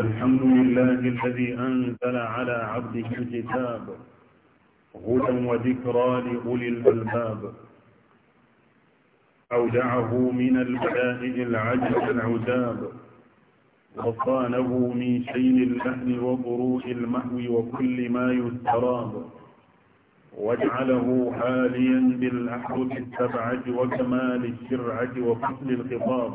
الحمد لله الذي أنزل على عبده الكتاب هدى وذكرى لأولي الألباب أودعه من البدائع العجل العذاب وصانه من شين اللحن وضروء المهو وكل ما يستراب واجعله حاليا بالأحرف السبعة وكمال الشرعة وفصل الخطاب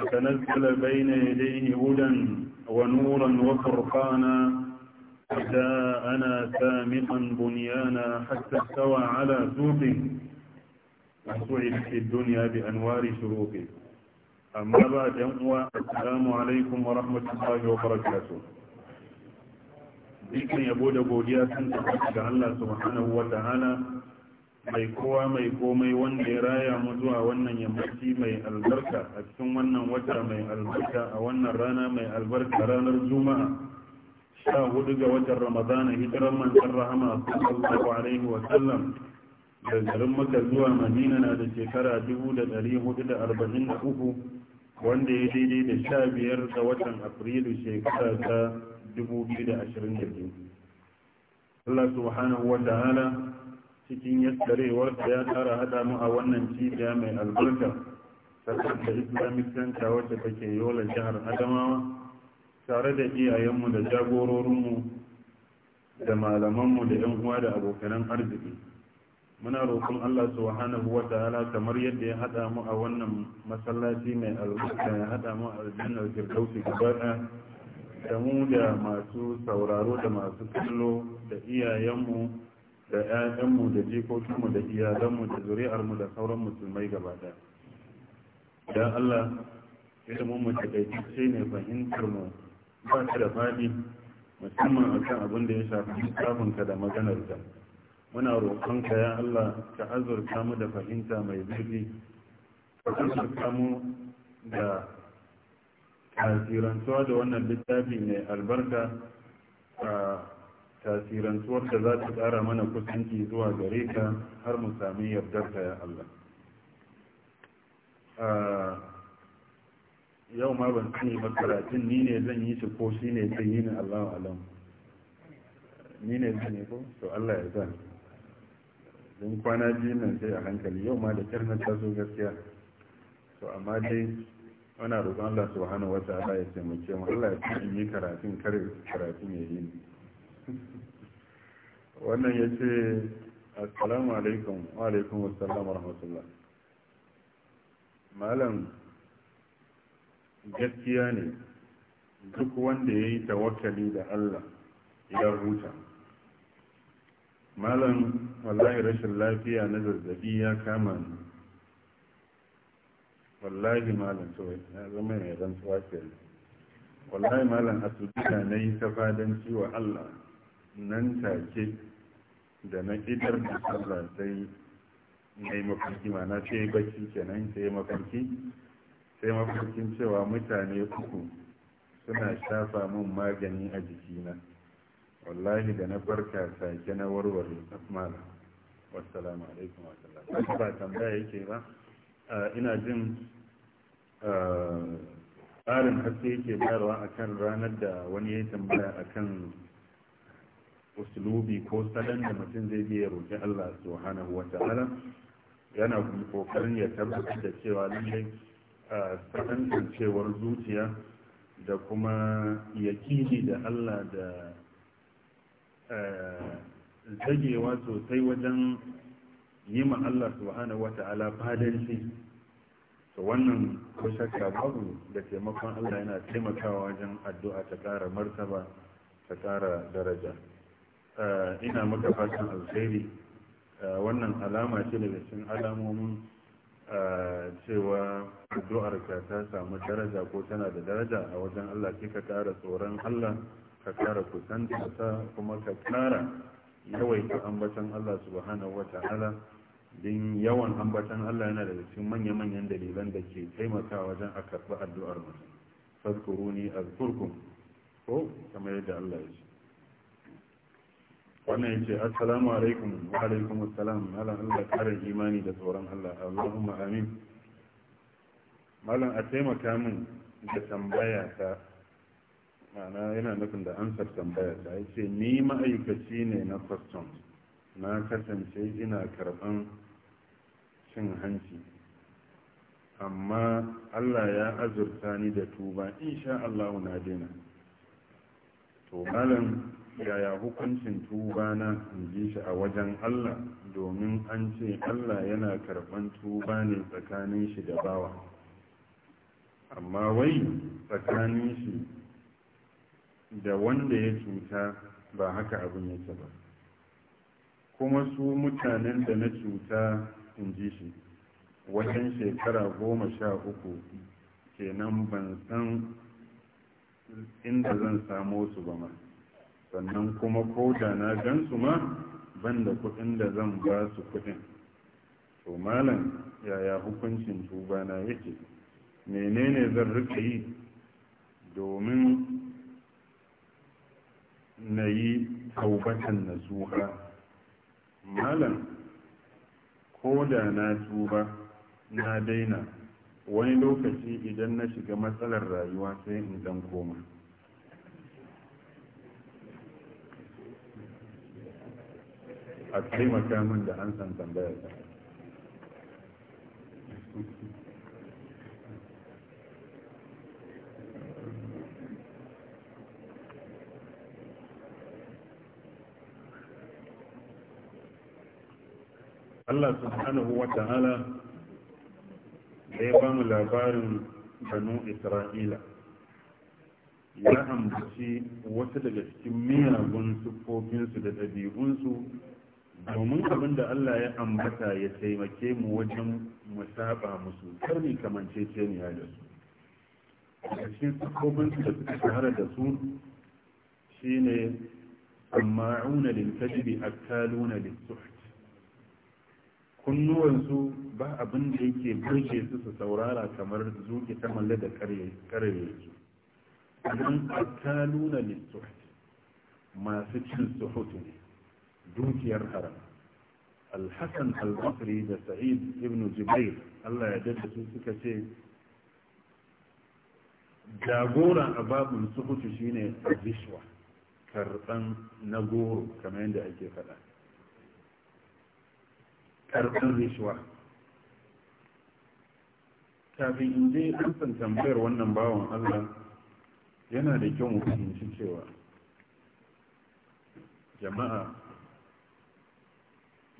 فتنزل بين يديه هدى ونورا وفرقانا جاءنا سامقا بنيانا حتى استوى على سوقه وسعد في الدنيا بأنوار شروقه أما بعد يوم السلام عليكم ورحمة الله وبركاته ذكر يبود بوديا سنتك الله سبحانه وتعالى mai kowa mai komai wanda ya raya mu zuwa wannan yammaci mai albarka a cikin wannan wata mai albarka a wannan rana mai albarka ranar juma'a sha hudu ga watan ramadana hijirar manzon rahama sallallahu alaihi wa sallam da garin maka zuwa madina na da shekara uku wanda ya daidai da sha biyar ga watan afrilu shekara ta 2022 Allah subhanahu wa ta'ala cikin yaskarewar da ya tsara hada mu a wannan cibiya mai albarka sakar da islamic center wacce take yola jihar adamawa tare da iyayenmu da jagororinmu da malamanmu da yan uwa da abokanan arziki muna roƙon allah subhanahu wa ta'ala kamar yadda ya hada mu a wannan masallaci mai albarka ya hada mu a aljannar firdausi gaba da mu da masu sauraro da masu kallo da iyayenmu da 'ya'yanmu da jikokinmu da mu da zuri'armu da sauran musulmai gaba daya ya Allah ilimin mu takaitacce ne fahimtar mu ba ta da faɗi musamman kan abin da ya shafi ka da maganar ka muna roƙonka ya Allah ka azurta mu da fahimta mai zurfi ka azurta mu da tasirantuwa da wannan littafi mai albarka a tasirantuwar da za ta ƙara mana kusanci zuwa gare ka har mu sami yardar ya Allah yau ma ban sani ba karatun ni ne zan yi shi ko shi ne zan yi ni Allah alam ni ne zan yi ko to Allah ya zan don kwana biyu nan sai a hankali yau ma da kyar ta zo gaskiya to amma dai ana roƙon Allah su wa ala ya taimake mu Allah ya in yi karatun kare karatun ya yi wannan ya ce assalamu alaikum wa alaikum assalamu rahmatullah malam gaskiya ne duk wanda ya yi tawakali da allah ya ruta malam wallahi rashin lafiya na zazzabi ya kama ni wallahi malam to ya zama ya zan ke wallahi malam asibita na yi ta fadanci wa allah nan take da na idar da sallah sai na yi mafarki mana sai bacci kenan sai mafarki sai mafarkin cewa mutane uku suna shafa min magani a jikina wallahi da na barka sake na warware asmala wassalamu alaikum wasallam ba tambaya yake ba ina jin tsarin haske yake bayarwa akan ranar da wani ya tambaya akan usulubi ko salon da mutum zai biya roƙi Allah subhanahu wa ta'ala yana kokarin ya tabbatar da cewa lallai cewar zuciya da kuma yakini da Allah da zagewa sosai wajen yi ma Allah subhanahu wa ta'ala fadanci to wannan ko shakka babu da taimakon Allah yana taimakawa wajen addu'a ta ƙara martaba ta ƙara daraja Eh, ina maka fatan alkhairi eh, wannan alama ce daga cikin alamomin eh, cewa addu'arka ta samu daraja ko tana da daraja a wajen Allah kika ka kara tsoron Allah ka kara kusantarsa kuma ka kara yawaita ambatan Allah subhanahu wata'ala din yawan ambatan Allah yana daga cikin manya-manyan dalilan da ke taimakawa wajen a karɓi addu'ar mutum fadkuruni azkurkum ko kamar yadda Allah ya ce wannan ya ce assalamu alaikum wa alaikum assalam malam allah karin imani da tsoron allah allahumma amin malam a taimaka min da tambaya ta ma'ana yana nufin da amsar tambaya ta ya ce ni ma'aikaci ne na customs na kasance ina karban cin hanci amma allah ya azurta ni da tuba insha allahu na daina to malam yaya hukuncin tubana na ji shi a wajen Allah domin an ce Allah yana karɓan tuba ne tsakanin shi da bawa amma wai tsakanin shi da wanda ya cuta ba haka abin yake ba kuma su mutanen da na cuta in ji shi wajen shekara goma sha uku kenan ban san inda zan samo su ba ma sannan kuma ko da na gan su ma ban da kuɗin da zan ba su kuɗin to malam yaya hukuncin tuba na yake menene zan rika yi domin na yi taubatan na nasuha malam ko da na tuba na daina wani lokaci idan na shiga matsalar rayuwa sai in zan koma a taimaka min da an san tambayar ta Allah subhanahu wa ta'ala da ya ba mu labarin banu Isra'ila ya ambaci wasu daga cikin miyagun siffofinsu da ɗabi'unsu domin abin da Allah ya ambata ya taimake mu wajen musaba musu karni kamance cece ne ya da su a cikin kofin da suka shahara da su shine auna da ta jibi a kaluna da su ba abin da yake burge su su saurara kamar zuke ta malle da karye su kaluna da su masu cin suhutu ne dukiyar haram alhassan al-basri da sa'id ibn jubair allah ya dada su suka ce jagora a sukutu sukutu shine rishwa karban na goro kamar yadda ake faɗa karban rishwa kafin in je an tambayar wannan bawan allah yana da kyau mu fahimci cewa jama'a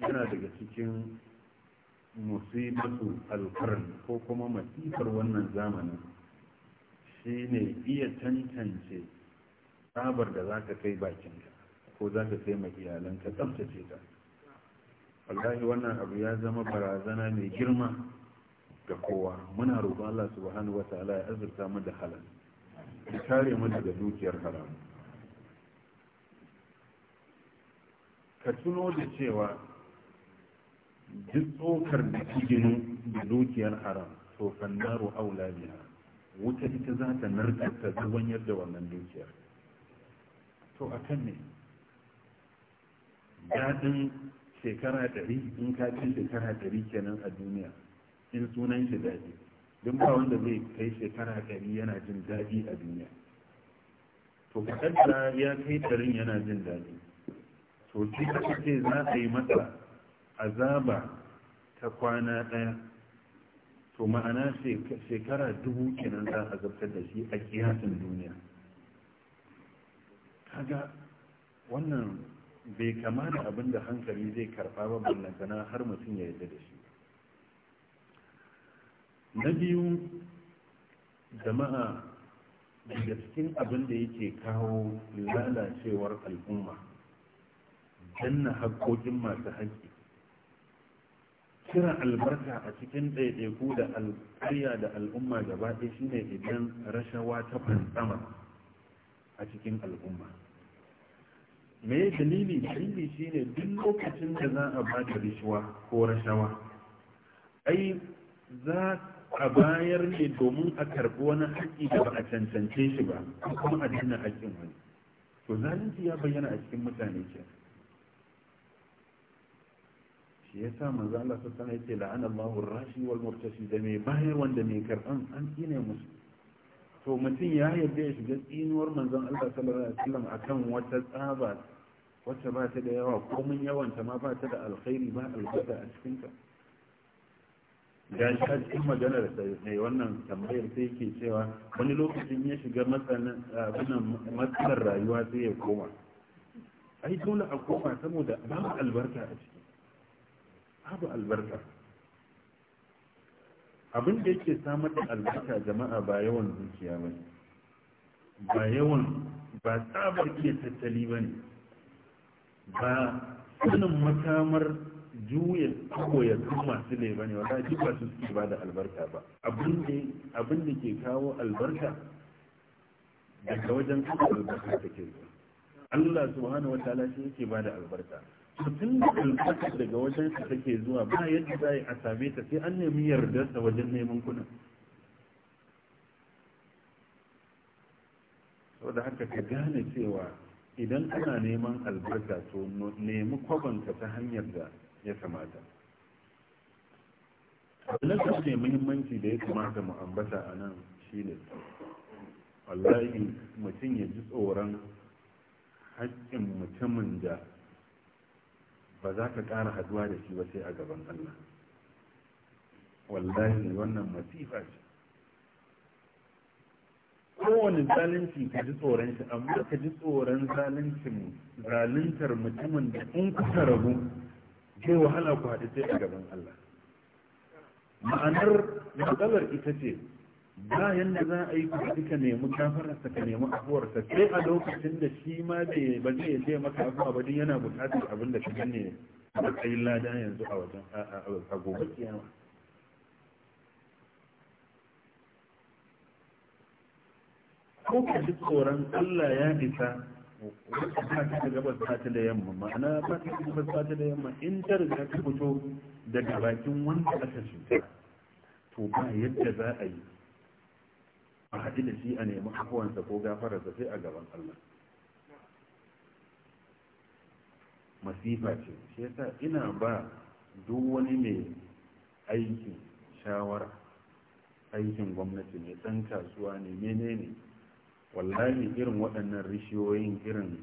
yana daga cikin musibatu alkarni ko kuma masifar wannan zamanin shi ne iya tantance tsabar da za ka kai bakinka ko za ka kai iyalanka tsabtace ta wallahi wannan abu ya zama barazana mai girma ga kowa muna roƙon Allah subhanahu ta'ala ya azurta mu da halal ya kare mu daga dukiyar haram ka tuno da cewa duk tsokar da ginin da dukiyar haram to fannaru aula biya wuta ita za ta narka ta wanyar da wannan dukiyar to a kan ne daɗin shekara ɗari in ka ci shekara ɗari kenan a duniya in sunan shi daɗi duk ba wanda zai kai shekara ɗari yana jin daɗi a duniya to kaɗan ya kai ɗarin yana jin daɗi to shi ce za a yi masa azaba ta kwana ɗaya to ma'ana shekara dubu kenan za a zartar da shi a kiyasin duniya kaga wannan bai kama da abin da hankali zai karɓa ba ballantana har mutum ya yarda da shi na biyu jama'a daga cikin abin da yake kawo lalacewar al'umma danna haƙoƙin masu haƙƙi kira albarka a cikin ɗaiɗaiku da alƙarya da al'umma gaba ɗaya shine idan rashawa ta fantsama a cikin al'umma me dalili dalili shine duk lokacin da za a ba da rishuwa ko rashawa ai za a bayar ne domin a karɓi wani haƙƙi da ba a cancance shi ba kuma a dina haƙƙin wani to zalunci ya bayyana a cikin mutane kenan shi ya sa manzo Allah ta sana yace la'ana Allahu rashi wal murtashi da mai bayarwan wanda mai karban an tsine musu to mutum ya yarda ya shiga tsinuwar manzon Allah sallallahu alaihi wasallam akan wata tsaba wacce ba ta da yawa ko mun yawanta ma ba ta da alkhairi ba albata a cikinta gashi a cikin maganar da ne wannan tambayar sai ke cewa wani lokacin ya shiga matsalar rayuwa sai ya koma ai dole a koma saboda babu albarka a ciki abu albarka abin da yake samar da albarka jama'a ba yawan zuciya ba ba yawan ba tsabar ke tattali ba ne ba sanin makamar juya ya duk masu ne ba ne wata duk ba su suke ba da albarka ba abin da ke kawo albarka daga wajen kuma albarka ke zuwa Allah subhanahu wa ta'ala shi yake ba da albarka tun da albarkar daga wajen ka take zuwa ba yadda za a same ta sai an nemi yardarsa wajen neman kuɗin saboda haka ka gane cewa idan ana neman albarka to nemi kwabanka ta hanyar da ya kamata abinda ne muhimmanci da ya kamata mu ambata a nan shi ne, wallahi mutum ya ji tsoron haƙƙin mutumin da ba za ka ƙara haduwa da shi ba sai a gaban Allah wallahi wannan masifa ce kowane zalunci ka ji tsoron shi amma ka ji tsoron zaluncin zaluntar mutumin da in kuka rabu zai wahala ku haɗu sai a gaban Allah ma'anar matsalar ita ce bayan da za a yi kuɗi ka nemi kafararsa ka nemi afuwarsa sai a lokacin da shi ma ba zai ya zai maka afuwa ba din yana buƙatar abin da ka gane a matsayin lada yanzu a wajen a gobe kiyama ko ka ji tsoron Allah ya isa wata ta ta gabas ta da yamma ma'ana ba ta gabas ta da yamma in ta riga ta fito daga bakin wanda aka cuta to ba yadda za a yi a haɗi da shi a nemi afuwansa ko gafararsa sai a gaban Allah masifa ce shi yasa ina ba duk wani mai aiki shawara aikin gwamnati mai ɗan kasuwa ne menene wallahi irin waɗannan rishiyoyin irin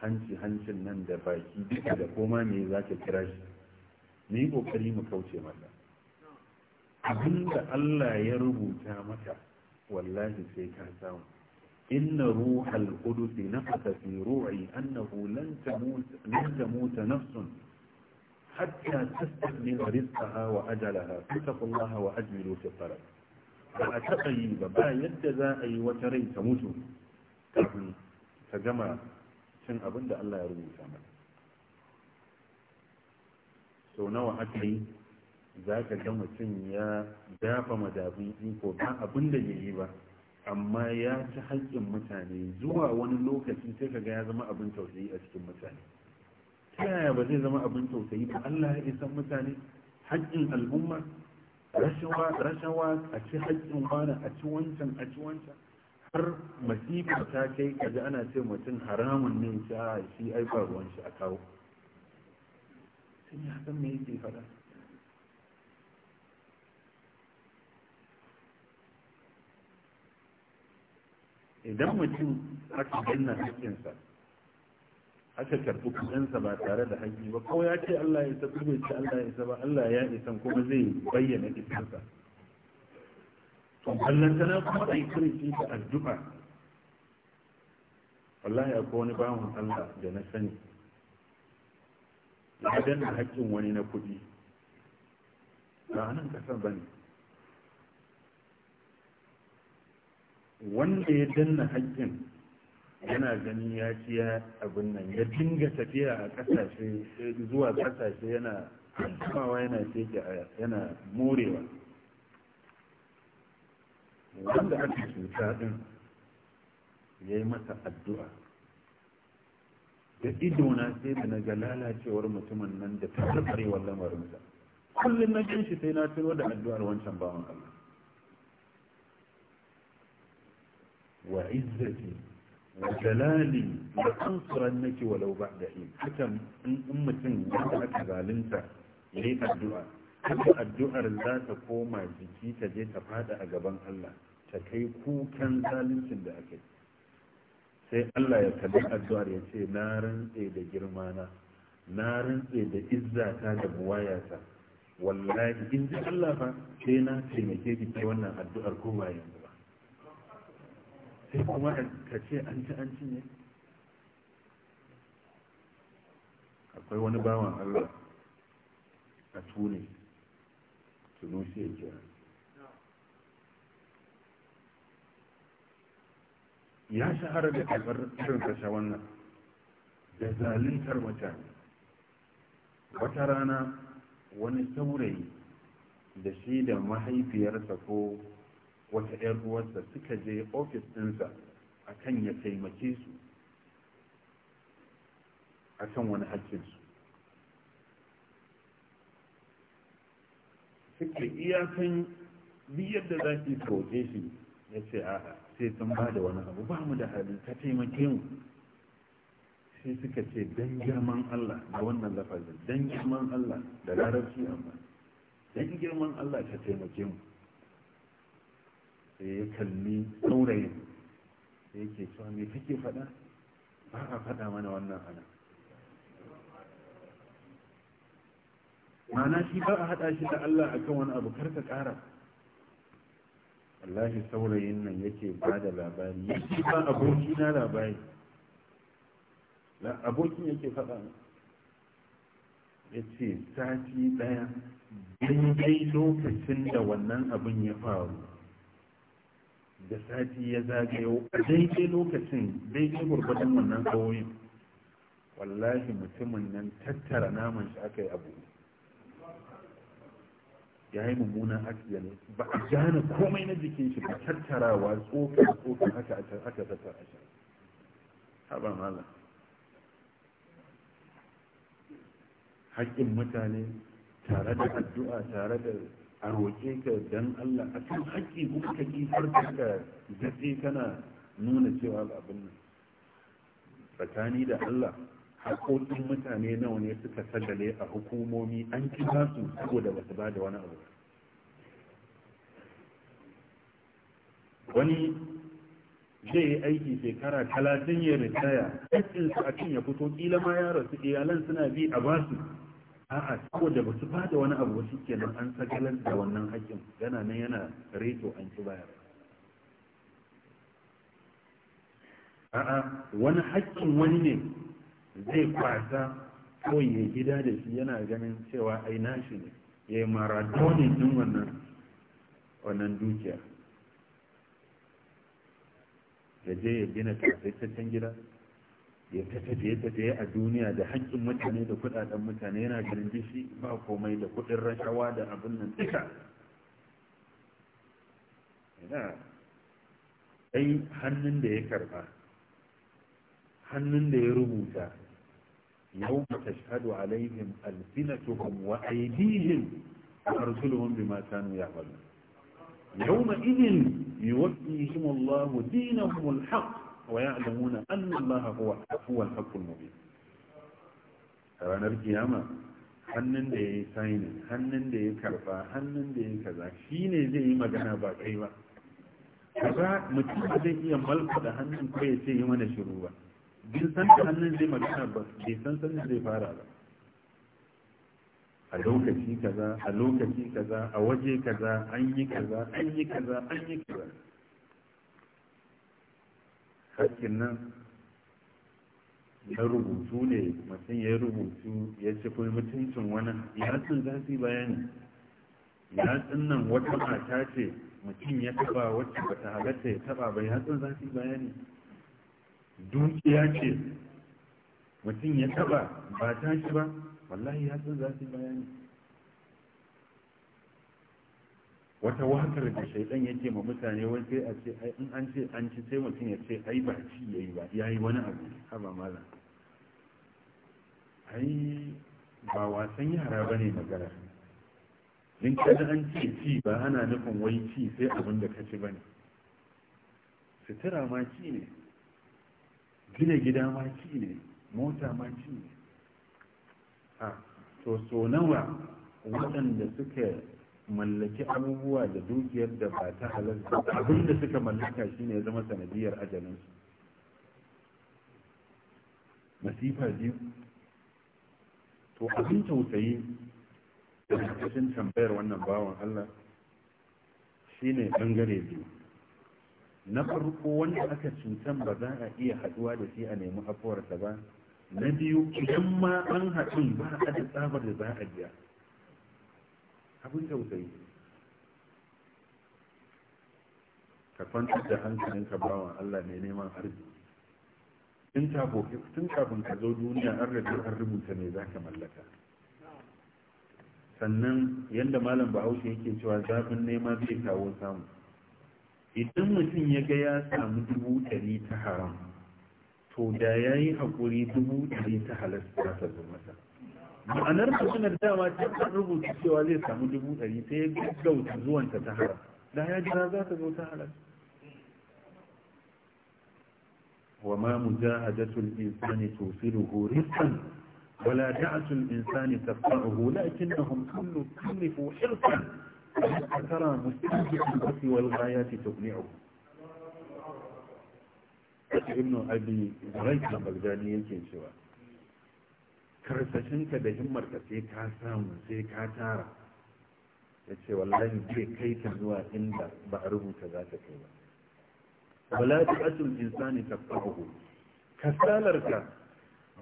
hanci-hancin nan da baki duka da koma me za kira shi ni kokari mu kauce masa abinda Allah ya rubuta maka wallahi sai ka samu inna ruhal qudus nafasa fi ru'i annahu lan tamut lan tamut nafsun hatta tastakmil rizqaha wa ajalaha fattaqullaha wa ajmilu fi talab ba a taɓa yi ba ba yadda za a yi wata rai ta mutu kafin ta gama cin abin da Allah ya rubuta mata sau nawa aka yi za ka ga mutum ya dafa madafin iko ba abin da yi ba amma ya ci haƙƙin mutane zuwa wani lokaci sai ka ga ya zama abin tausayi a cikin mutane ta yaya ba zai zama abin tausayi ba allah ya isan mutane haƙƙin al'umma rashawa a ci haƙƙin wani a ci wancan a ci wancan har masifa ta kai kaji ana ce mutum haramun ne ta shi ai ruwan shi a kawo sun yi me yake faɗa idan mutum aka danna haƙƙinsa aka karɓi kuɗinsa ba tare da haƙƙi ba kawai ya ce Allah ya isa kuma ce Allah ya isa ba Allah ya isa kuma zai bayyana isarsa to tana kuma a yi shi da addu'a wallahi ko wani bawan Allah da na sani ya danna haƙƙin wani na kuɗi ba nan kasar ba ne wanda ya danna haƙƙin yana gani ya ciya abin nan ya dinga tafiya a ƙasashe zuwa ƙasashe yana kamawa yana teke yana morewa wanda aka cuta din ya yi masa addu'a da idona sai da na ga lalacewar mutumin nan da ta lamarinsa kullum na shi sai na tuno da addu'ar wancan bawan Allah وعزتي وجلالي لأنصرنك ولو بعد حين حتى إن أمتين يدعك ظالمتا ليه الدعاء حتى الدعاء لا تقوم جيكي تجي تفاد أقبان الله تكي كو كان ظالم سند أكيد sai Allah ya kalli addu'ar ya ce na rantse da girmana na rantse da izzata da buwayata wallahi in ji Allah fa sai na taimake ki wannan addu'ar ko yanzu sai kuma ka ce an ci an cinye akwai wani bawan allah a tuni tunusi ya kira ya shahara da karbar irin kasha wannan da zalintar mutane wata rana wani saurayi da shi da mahaifiyarsa ko wata 'yar uwarsa suka je ofis ɗinsa a kan ya taimake su a kan wani haƙƙinsu suke iyakan biyar da za ki shi ya ce a'a sai sun ba da wani abu ba mu da hali ta taimake mu sai suka ce don girman Allah da wannan lafazin don girman Allah da larabci amma don girman Allah ka taimake mu da ya kalli saurayin sai yake cewa me kake faɗa ba a faɗa mana wannan ana mana shi ba a haɗa shi da Allah a kan wani abu karka ƙara shi saurayin nan yake ba da labari Ya yake ba abokina labari abokin yake faɗa ya ce sati ɗaya daidai lokacin da wannan abin ya faru da sati ya zagayo a daidai lokacin daidai gurbatan wannan tsawoyin wallahi mutumin nan tattara naman shi aka yi abu ya yi mummunan accident ba a gane komai na jikin shi ba tattarawa tsofin tsofin haka aka tattara shi haɓar malam haƙƙin mutane tare da addu'a tare da a roƙe ka don Allah a kan haƙƙi kuma ka ƙi farkar ka zafi kana nuna cewa abin nan tsakani da Allah haƙoƙin mutane nawa ne suka sagale a hukumomi an ba su saboda ba su ba da wani abu wani zai yi aiki shekara talatin ya ritaya aikinsu a cin ya fito ƙila ma ya rasu iyalan suna bi a basu a'a saboda ba su bada wani abu ke kenan an sagalar da wannan haƙƙin yana nan yana reto an ci bayar a'a wani haƙƙin wani ne zai kwasa ko ya gida da shi yana ganin cewa ai nashi ne ya yi maradonin din wannan wannan dukiya ya je ya gina kasaitaccen gida ya ta tafiye-tafiye a duniya da haƙƙin mutane da kuɗaɗen mutane yana ganin dishi ba komai da kuɗin rashawa da abin nan duka yana ɗai hannun da ya karɓa hannun da ya rubuta yau ba ta shaɗu alaihim alfinatuhum wa aidihim a arsuluhum bima kanu ya'malu yawma idin yuwaffihim Allahu dinahum alhaq ويعلمون أن الله هو huwa huwal المبين mubin ranar kiyama hannun da ya yi saini hannun da ya karfa, hannun da yi kaza shi ne zai yi magana ba kai ba kaza mutum zai iya malka da hannun ko ya ce yi mana shiru ba bin san da hannun zai magana ba bai san san zai fara ba a lokaci kaza a lokaci kaza a waje kaza an yi kaza an yi kaza an yi kaza hakkin nan ya rubutu ne mutum ya rubutu ya ce kuma mutuncin wani yatsun za su yi bayani yatsun nan wata mata ce mutum ya taba wacce bata halatta ya taba ba yatsun za su yi bayani dukiya ce mutum ya taba ba ta shi ba wallahi yatsun za su yi bayani wata wakar da shaidan ya ce ma mutane wai sai a ce in an ce an ci sai mutum ya ce ai ba ci yayi ba yayi wani abu haba mala ai ba wasan yara bane magana in kada an ce ci ba ana nufin wai ci sai abin da ka ci bane sutura ma ci ne gina gida ma ci ne mota ma ci ne a ah, to so nawa waɗanda suka mallaki abubuwa da dukiyar da ba ta halarta abin da suka mallaka shine ya zama sanadiyar su masifa biyu to abin tausayi da kashin tambayar wannan bawan Allah shine bangare biyu na farko wanda aka cutan ba za a iya haduwa da shi a nemi afuwarsa ba na biyu idan ma an haɗu ba a da tsabar da za a biya abin tausayi ka kwantar da ka bawa Allah mai neman arziki in tun kafin ka zo duniya an rage an rubuta mai za ka mallaka sannan yadda malam bahaushe yake cewa zafin nema zai kawo samu idan mutum ya ga ya samu dubu ɗari ta haram to da ya yi haƙuri dubu ɗari ta halasta ta zo masa ma'anar maganar dama ta an rubuta cewa zai samu dubu ɗari sai ya gaggauta zuwanta ta haram da ya jira za ta zo ta haram wa ma mujahadatul insani tusiluhu rizqan ولا دعة الإنسان تفقعه لكنهم كل كلفوا حرصا ترى مستهدف البث والغايات تقنعه ابن أبي زريق البغدادي يمكن سواء karsashinka da himmarka sai ka samu sai ka tara ya ce wallahi zai kai ta zuwa inda ba a rubuta za ta kai ba wala ta asul insani ta fahu kasalarka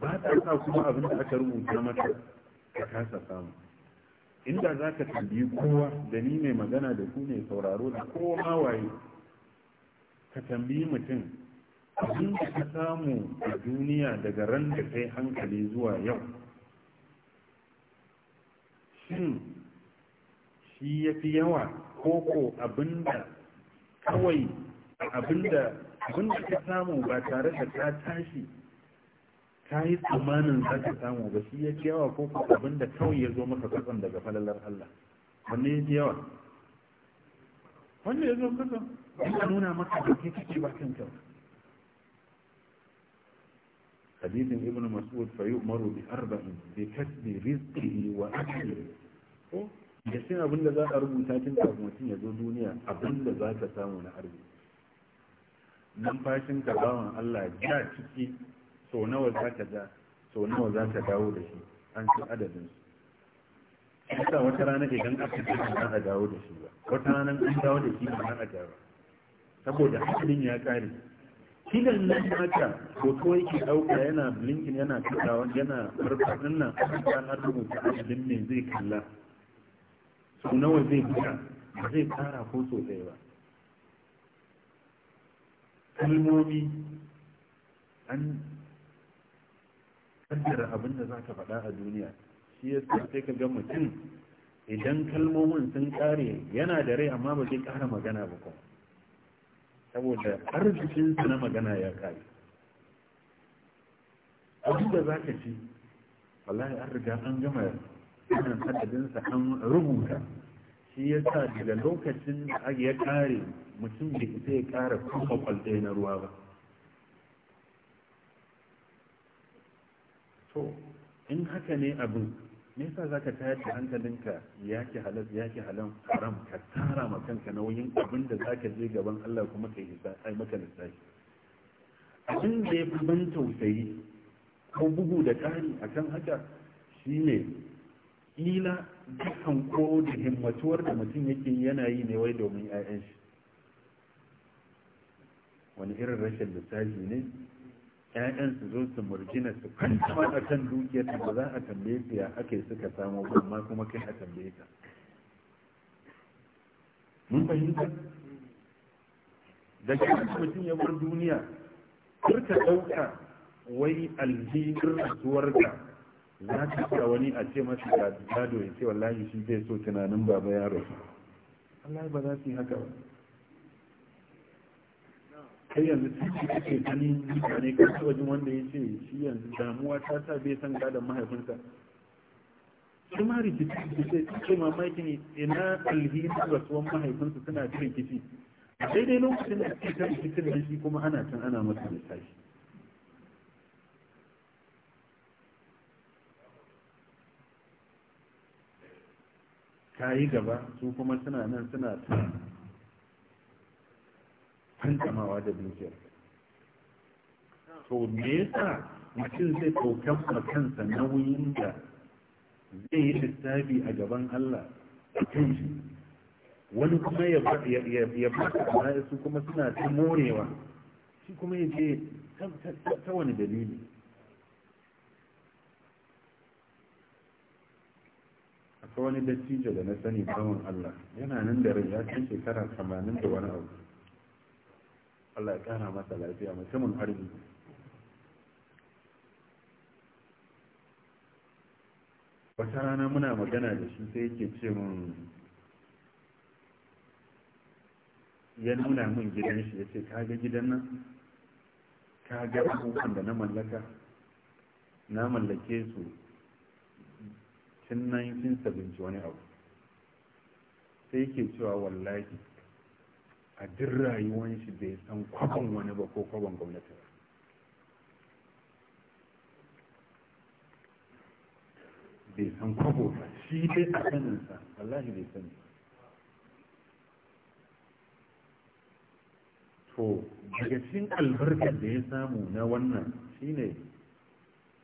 ba ta sa kuma abin da aka rubuta mata ka kasa samu inda za ka tambayi kowa da ni mai magana da ku ne sauraro da kowa waye ka tambayi mutum abin da ka samu a duniya daga ran da kai hankali zuwa yau shin shi ya fi yawa koko abin da kawai abin da ka samu ba tare da ka tashi ka yi tsammanin za ka samu ba shi ya fi yawa koko abin da kawai ya zo maka kasan daga falalar Allah wanne ya fi yawa wanda ya zo kasan ya nuna maka da ke kake ba kanka ba hadisin ibn mas'ud fa yu'maru bi arba'in bi kasbi rizqihi wa aklihi ko da cin abin da za a rubuta tun kafin mutum ya zo duniya abin da za ka samu na arziki numfashin ka bawan Allah ja ciki so nawa za ka ja so nawa za ka dawo da shi an ci adadin su yasa wata rana idan aka ce ba za a dawo da shi ba wata rana an dawo da shi ba za a ja saboda hankalin ya kare kidan nan mata hoto yake dauka yana blinkin yana tukawa yana farfadin nan kan an rubuta adadin ne zai kalla su nawa zai buka ba zai kara ko sosai ba kalmomi an kaddara abin da za ka faɗa a duniya shi ya sai ka ga mutum idan kalmomin sun kare yana da rai amma ba zai kara magana ba kuma saboda arzikinsa na magana ya kare abinda da za ka ci wallahi an riga an gama sanin sa an rubuta shi ya sa daga lokacin da ya kare mutum da ita ya kara kuma kwalde na ruwa ba to in haka ne abin me yasa zaka tayar da hankalinka yake halal yake halan haram ka tara ma kanka nauyin abin da zaka je gaban Allah kuma kai hisa ai maka lissafi abin da ya fi ban tausayi ko bugu da ƙari akan haka shine ila dukkan ko da himmatuwar da mutum yake yana yi ne wai domin 'ya'yan shi wani irin rashin lissafi ne yayan su zo su murjina su kwanta a kan dukiyar da ba za a tambaye su ya ake suka samu ba amma kuma kai a tambaye ta. mun fahimta da kan mutum ya bar duniya kurka ɗauka wai alhirin rasuwar ka za ka fara wani a ce masa ga gado ya ce wallahi shi zai so tunanin baba yaro Allah ba za su yi haka ba kai yanzu ciki kake ganin mutane kan taba jin wanda ya ce shi yanzu damuwa ta sa bai san gadon mahaifinsa shi ma rikici da ce mamaki ne ina alhini rasuwan mahaifinsa suna ta rikici daidai lokacin da ake rikicin da shi kuma ana can ana masa lissafi ta yi gaba su kuma suna nan suna ta hankamawa da dukiyar to me yasa mutum zai ɗaukar kansa nauyin da zai yi lissafi a gaban Allah a kan shi wani kuma ya faɗa su kuma suna ta morewa shi kuma ya ce ta wani dalili akwai wani dattijo da na sani kawon Allah yana nan da rai ya shekara 80 da wani abu Allah ya kara masa lafiya mutumin harbi wata rana muna magana da shi sai yake ce mun yan nuna mun gidan shi ya ce kaga gidan nan kaga abubuwan da na mallaka na mallake su tun 1970 wani abu sai yake cewa wallahi a duk rayuwan shi bai san kwakwan wani ba ko kwakwan gwamnati ba bai san kwabo ba shi dai a saninsa wallahi bai sani to daga cikin albarkar da ya samu na wannan shine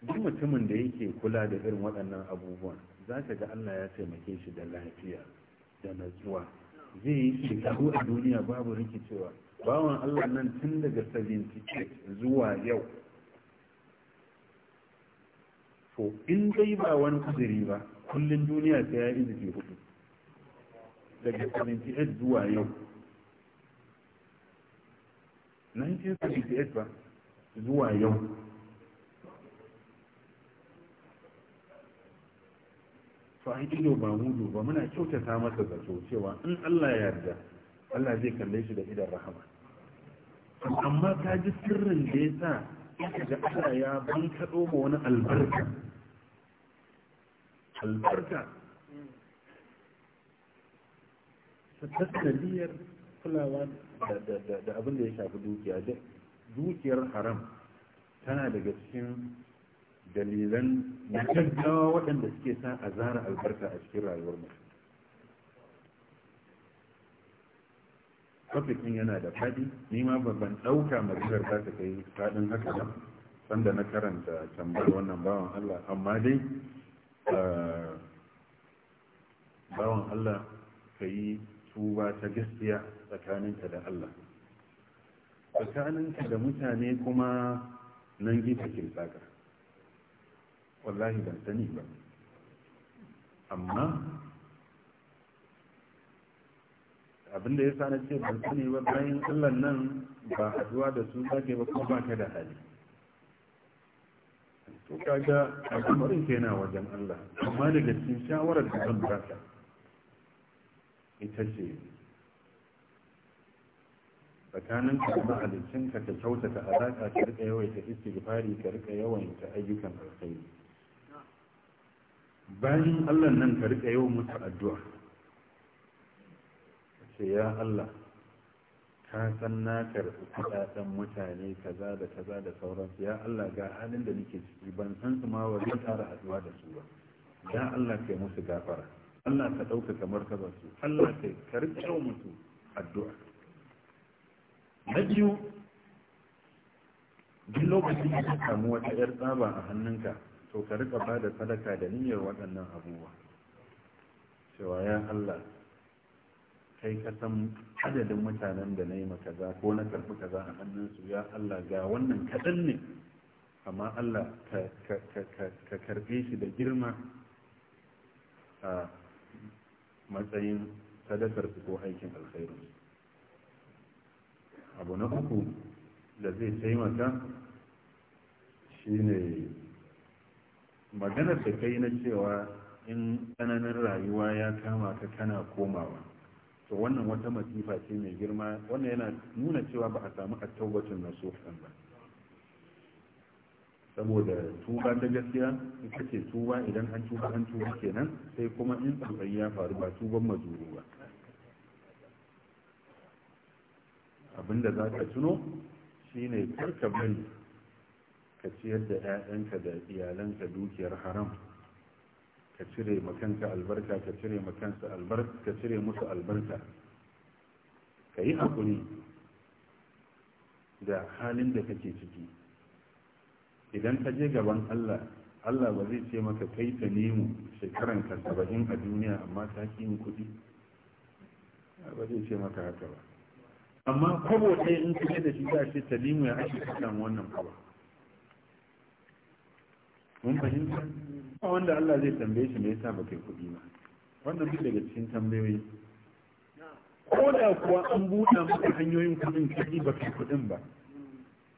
duk mutumin da yake kula da irin waɗannan abubuwan za ka ga Allah ya taimake shi da lafiya da natsuwa zai yi shi a duniya babu rikicewa bawan allah nan tun daga 78 zuwa yau to in dai ba wani kudiri ba kullum duniya ta ya ke hudu daga 78 zuwa yau 1978 ba zuwa yau an ido ba mudu ba muna kyautata masa zato cewa in Allah ya yarda Allah zai kalle shi da idan rahama amma ka ji sirrin da ya sa da Allah ya ban kaɗo ma wani albarka albarka ta sanadiyar kulawa da abin da ya shafi dukiya dukiyar haram tana daga cikin dalilan na gaggawa waɗanda suke sa a zara albarka a cikin rayuwar mutum ɗin yana da faɗi ni ma ban ɗauka maganar za ta kai faɗin haka ba sanda na karanta tambar wannan bawan Allah amma dai eh, bawan Allah ka yi tuba ta gaskiya tsakaninka da Allah tsakaninka da mutane kuma nan gita ke tsaka wallahi ban sani ba amma abinda ya sa na ce ban sani ba bayan allah nan ba haduwa da su zage ba kuma ba ka da hali to kaga al'amarin ke na wajen allah amma daga cikin shawarar da zan baka ita ce tsakanin ka da halittun ka ta kyautata alaƙa ka rika yawaita istighfari ka rika yawaita ayyukan alkhairi bayan allah nan ka rika yau musu addu'a ce ya allah ka san na karɓi kuɗaɗen mutane kaza da kaza da sauransu ya allah ga halin da nake ciki ban san su ma wani tsara addu'a da su ba ya allah kai musu gafara allah ka kamar ba su allah kai ka rika yau musu addu'a na biyu duk lokacin da ka samu wata 'yar tsaba a hannunka to ka rika ba da sadaka da niyyar waɗannan abubuwa cewa ya Allah kai ka san adadin mutanen da na yi kaza ko na karɓi kaza a hannunsu ya Allah ga wannan kaɗan ne amma Allah ka karfe shi da girma a matsayin su ko aikin alkhairu abu na uku da zai taimaka ne. maganar da kai na cewa in tsananin rayuwa ya kama ka kana komawa to wannan wata masifa ce mai girma wannan yana nuna cewa ba a samu na nasuhan ba saboda tuba ta gaskiya ita ce tuba idan an tuba an tuba kenan sai kuma in tsamfani ya faru ba tuban mazuru ba abinda za ka tuno shine karka bari ka ciyar da 'ya'yanka da iyalanka dukiyar haram ka cire makanka albarka ka cire makansa albarka ka cire musu albarka ka yi haƙuri da halin da kake ciki idan ka je gaban allah allah ba zai ce maka kai ta nemo shekaran ka saba'in a duniya amma ta kini kuɗi ba zai ce maka haka ba amma kwabo ɗaya in ka da shi za a ce ta ya ake kasan wannan kwabo mun fahimta ba wanda Allah zai tambaye shi me yasa baka yi kuɗi ba wanda duk daga cikin tambayoyi ko da kuwa an buɗa maka hanyoyin kuɗin kai baka kuɗin ba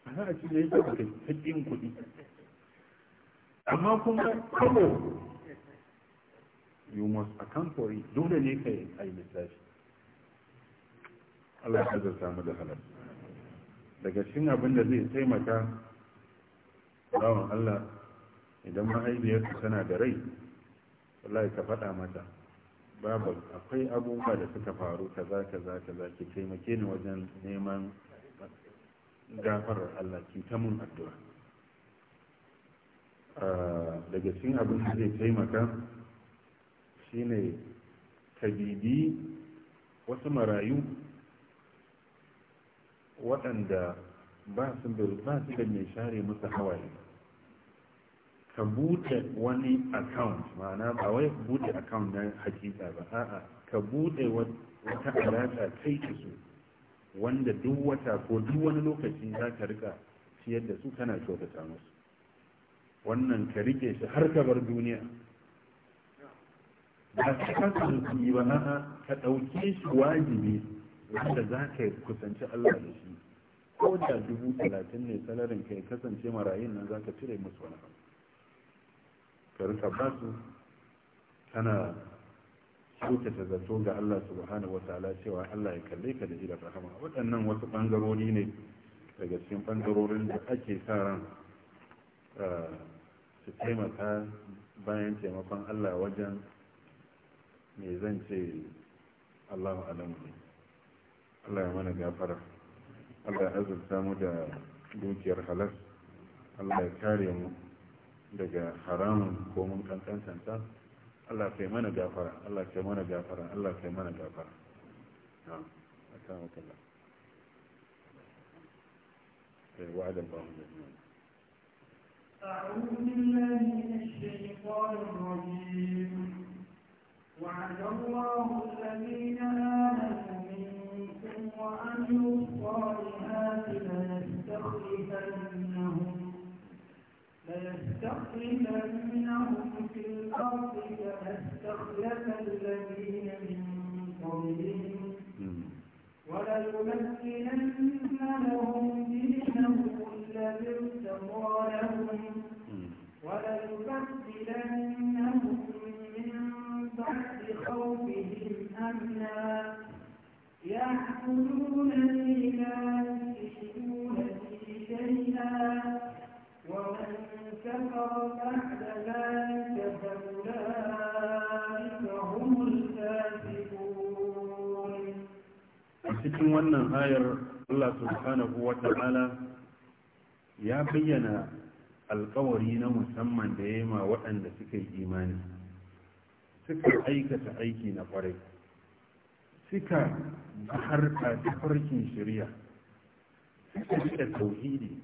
a za a ci da yake baka yi kuɗi amma kuma kabo you must account for it dole ne kai a misali Allah ya zarta mu da halal daga cikin abin da zai taimaka Allah idan mahaifiyarka tana da rai wallahi ka faɗa mata babu akwai abubuwa da suka faru kaza kaza kaza ki taimake ni wajen neman gafar Allah ki ta mun addu'a ah, daga cikin abin da zai taimaka shine ka bibi wasu marayu waɗanda ba su da mai share musu hawaye ka bude wani account ma'ana ba wai bude account na hakika ba a'a ka bude wata alaƙa kai da su wanda duk wata ko duk wani lokaci za ka rika ciyar da su kana kyautata musu wannan ka rike shi har ka bar duniya ba ka kasa yi ba a'a ka ɗauke shi wajibi wanda za ka kusanci Allah da shi ko da dubu talatin ne salarin ka kasance marayin nan za ka cire musu wani abu ka ba su kyautata zato ga Allah subhanahu wataala cewa Allah ya kalle ka da idan rahama waɗannan wasu bangarori ne daga cikin bangarorin da ake sa ran su taimaka bayan taimakon Allah wajen me zan ce Allahu alamu Allah ya mana gafara Allah ya azurta mu da dukiyar halas Allah ya kare mu daga haramun ko mun kankantansa Allah kai mana gafara Allah kai mana gafara Allah kai mana gafara na'am akamata kai wa'ada Allah jami'an أعوذ بالله من الشيطان الرجيم وعد الله الذين آمنوا منكم وعملوا الصالحات ليستخلفنهم فيستخلفنهم في الأرض كما استخلف الذين من قبلهم وليمكنن لهم دينهم الذي ارتضى لهم وليبدلنهم من بعد خوفهم أمنا يحكمونني لا cikin wannan hayar Allah subhanahu wa ta'ala ya bayyana alkawari na musamman da ya ma waɗanda suka yi imani suka aikata aiki na ƙwarai suka harka ta farkin shirya suka da tauhidi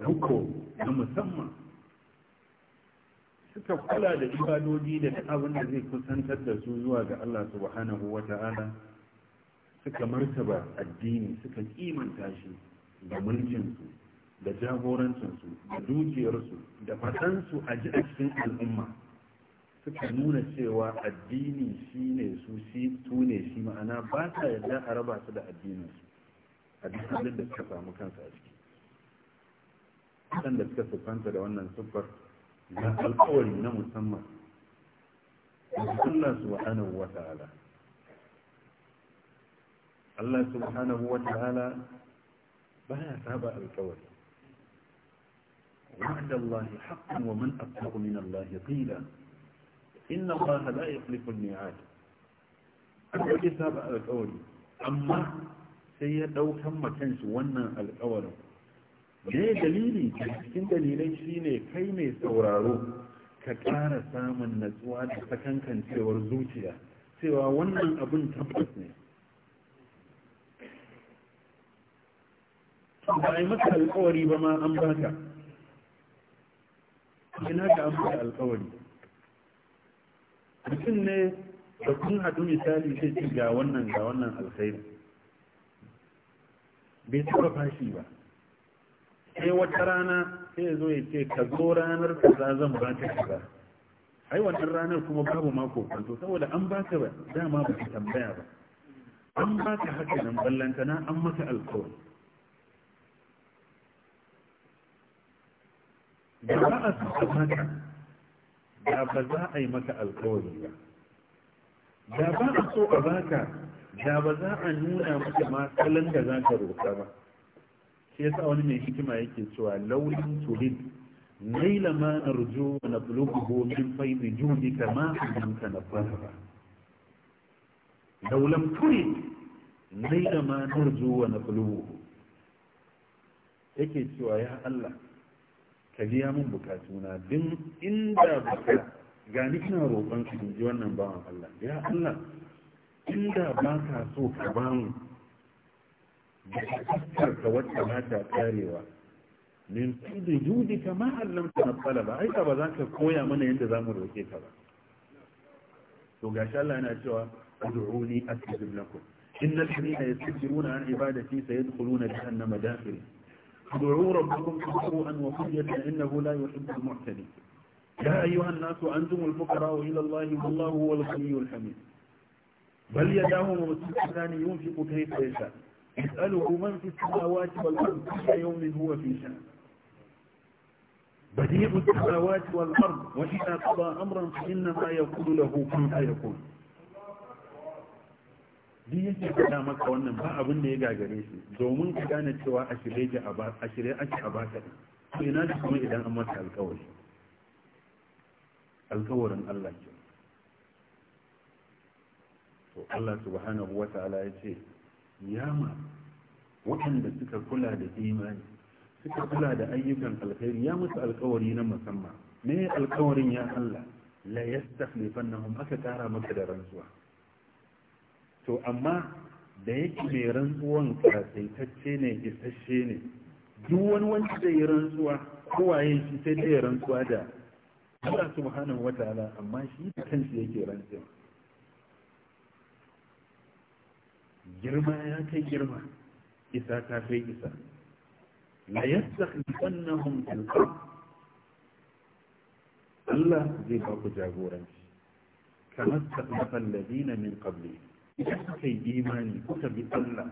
ruko na musamman suka kula da ibadoji da abin da zai kusantar da su zuwa ga Allah subhanahu wa ta'ala suka martaba addini suka kimanta shi da mulkinsu da jagorancinsu da dukiyarsu da fatansu a ji a cikin al'umma suka nuna cewa addini shi ne su shi ne shi ma'ana ba ta yadda a raba su da addininsu a duk halin da suka samu kansu a ciki waɗanda suka siffanta da wannan siffar na alkawari na musamman Allah subhanahu wa ta'ala Allah subhanahu wa ta'ala ba ya saba alkawari. Wanda Allah ya haƙƙin wa man abu min Allah ya ƙila, inna ba ta la'a ya ƙulifin ne a An ɗauke saba alkawari, amma sai ya ɗaukan makansu wannan alkawarin. Ne dalili, a cikin dalilai shi ne kai mai sauraro ka ƙara samun natsuwa da sakankancewar zuciya, cewa wannan abun tabbas ne. ba a yi maka alkawari ba ma an baka ina ga an baka alkawari mutum ne da kun haɗu misali sai ce ga wannan ga wannan alkhairu bai taɓa fashi ba sai wata rana sai ya zo ya ce ka zo ranar kaza zan ba ta kaza ai wannan ranar kuma babu mako kwanto saboda an baka ba dama ba ka tambaya ba an baka haka nan ballantana an maka alkawari da ba a suka da ba za a yi maka alkawari ba da ba a so a baka da ba za a nuna maka ma da za ka roƙa ba shi yasa wani mai hikima yake cewa laulin tulin naila ma arju wa nablughu min faidi judika ma na fara ba Laulan tulin naila ma rujo wa bulogu yake cewa ya Allah ka biya mun bukatuna din inda baka ga ni ina roƙon ka ji wannan bawan Allah ya Allah inda baka so ka ba mu da ka wata mata karewa min tudu judi ka ma Allah ta tsala ba aika ba za ka koya mana yadda za mu roƙe ka ba to gashi Allah yana cewa ad'uni astajib lakum innal hamina yastajibuna an ibadati sayadkhuluna jahannama dakhirin ادعوا ربكم تضرعا وخفية إنه لا يحب المعتدين يا أيها الناس أنتم الفقراء إلى الله والله هو الغني الحميد بل يداه مبسوطتان ينفق كيف يشاء اسأله من في السماوات والأرض كل يوم هو في شأن بديع السماوات والأرض وإذا قضى أمرا فإنما يقول له كن فيكون duk yake faɗa maka wannan ba abin da ya gagare shi domin ka gane cewa a shirye ake a baka ɗin to ina da kuma idan an mata alkawari alkawarin Allah ke to Allah subhanahu wa ta'ala ya ce yama waɗanda suka kula da imani suka kula da ayyukan alkhairi ya musu alkawari na musamman me alkawarin ya Allah la yastakhlifannahum aka tara maka da rantsuwa to amma da yake mai rantsuwan tsaitacce ne isasshe ne duk wani wanda zai yi rantsuwa ko waye shi sai dai rantsuwa da Allah subhanahu wataala amma shi da kansa yake rantsuwa girma ya kai girma isa ta kai isa la yastakhlifannahum fil Allah zai ba ku jagoranci kamar takhlafa ladina min qablihim idan kuka yi imani kuka bi Allah